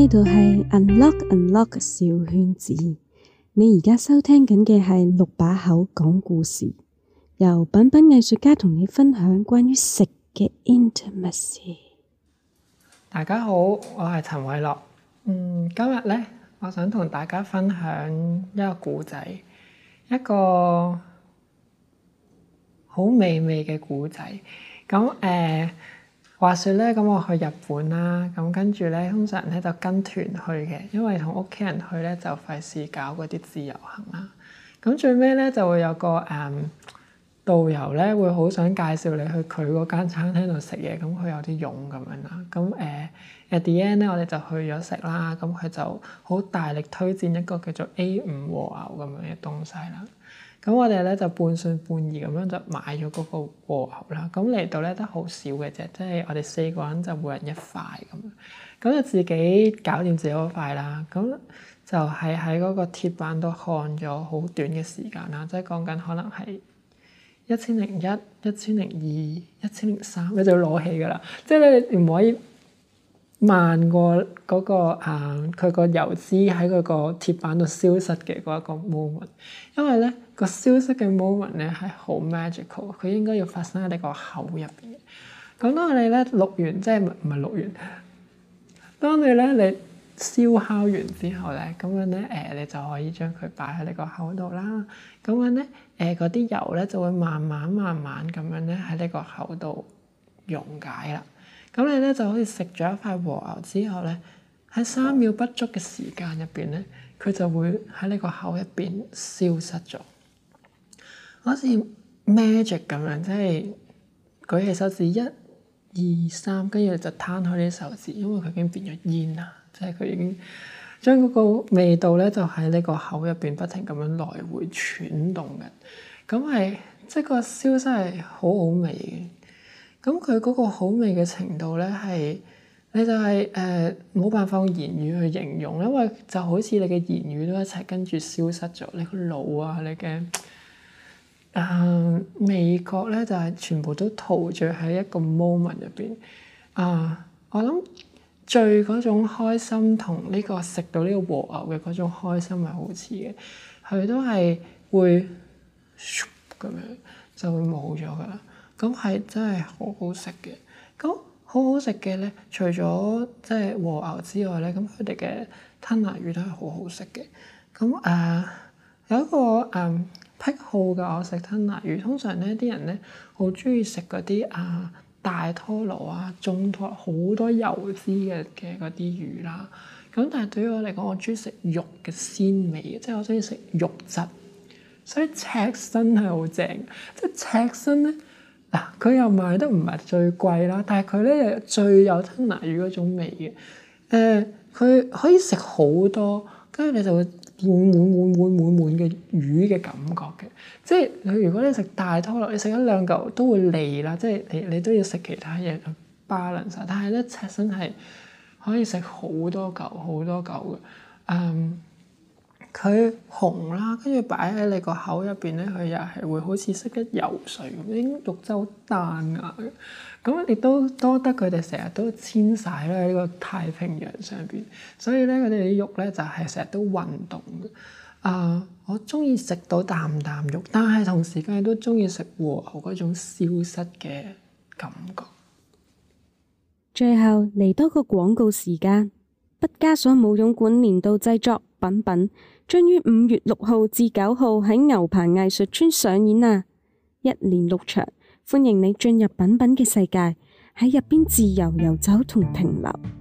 呢度係 Unlock Unlock 小圈子，你而家收聽緊嘅係六把口講故事，由品品藝術家同你分享關於食嘅 intimacy。大家好，我係陳偉洛。嗯，今日咧，我想同大家分享一個故仔，一個好美味嘅故仔。咁誒。話說咧，咁我去日本啦，咁跟住咧，通常咧就跟團去嘅，因為同屋企人去咧就費事搞嗰啲自由行啦。咁最尾咧就會有個誒、嗯、導遊咧會好想介紹你去佢嗰間餐廳度食嘢，咁佢有啲傭咁樣、呃、呢啦。咁誒，at the end 咧我哋就去咗食啦，咁佢就好大力推薦一個叫做 A 五和牛咁樣嘅東西啦。咁我哋咧就半信半疑咁樣就買咗嗰個和牛啦，咁嚟到咧得好少嘅啫，即係我哋四個人就每人一塊咁，咁就自己搞掂自己嗰塊啦。咁就係喺嗰個鐵板度看咗好短嘅時間啦，即係講緊可能係一千零一、一千零二、一千零三，你就攞起噶啦，即係你唔可以。慢過嗰、嗰個佢個、呃、油脂喺佢個鐵板度消失嘅嗰一個 moment，因為咧個消失嘅 moment 咧係好 magical，佢應該要發生喺你個口入邊嘅。咁當你咧錄完，即係唔係錄完？當你咧你燒烤完之後咧，咁樣咧誒、呃，你就可以將佢擺喺你個口度啦。咁樣咧誒，嗰、呃、啲油咧就會慢慢慢慢咁樣咧喺你個口度溶解啦。咁你咧就好似食咗一塊和牛之後咧，喺三秒不足嘅時間入邊咧，佢就會喺你個口入邊消失咗，好似 magic 咁樣，即係舉起手指一、二、三，跟住就攤開啲手指，因為佢已經變咗煙啦，即係佢已經將嗰個味道咧就喺你個口入邊不停咁樣來回傳動嘅，咁係即係個消失係好好味嘅。咁佢嗰個好味嘅程度咧，係你就係誒冇辦法用言語去形容，因為就好似你嘅言語都一齊跟住消失咗，你個腦啊，你嘅啊味覺咧就係、是、全部都陶醉喺一個 moment 入邊啊、呃！我諗最嗰種開心同呢個食到呢個和牛嘅嗰種開心係好似嘅，佢都係會咻咁樣就會冇咗㗎啦。咁係真係好好食嘅。咁好好食嘅咧，除咗即係和牛之外咧，咁佢哋嘅吞拿魚都係好好食嘅。咁誒、呃、有一個誒、呃、癖好嘅，我食吞拿魚。通常咧啲人咧好中意食嗰啲啊大拖羅啊，中拖好多油脂嘅嘅嗰啲魚啦。咁但係對於我嚟講，我中意食肉嘅鮮味嘅，即、就、係、是、我中意食肉質，所以赤身係好正，即係赤身咧。嗱，佢又賣得唔係最貴啦，但係佢咧又最有吞拿魚嗰種味嘅。誒、呃，佢可以食好多，跟住你就會滿滿滿滿滿滿嘅魚嘅感覺嘅。即係你如果你食大拖羅啦，你食一兩嚿都會膩啦，即係你你都要食其他嘢去 balance 晒。但係咧，赤身係可以食好多嚿好多嚿嘅，嗯。佢紅啦，跟住擺喺你個口入邊咧，佢又係會好似識得游水咁，啲肉質好彈牙嘅。咁亦都多得佢哋成日都遷徙咧喺呢個太平洋上邊，所以咧佢哋啲肉咧就係成日都運動嘅。啊、呃，我中意食到啖啖肉，但係同時間亦都中意食和牛嗰種消失嘅感覺。最後嚟多個廣告時間，不加鎖舞踊館年度製作品品。將於五月六號至九號喺牛棚藝術村上演啊！一連六場，歡迎你進入品品嘅世界，喺入邊自由游走同停留。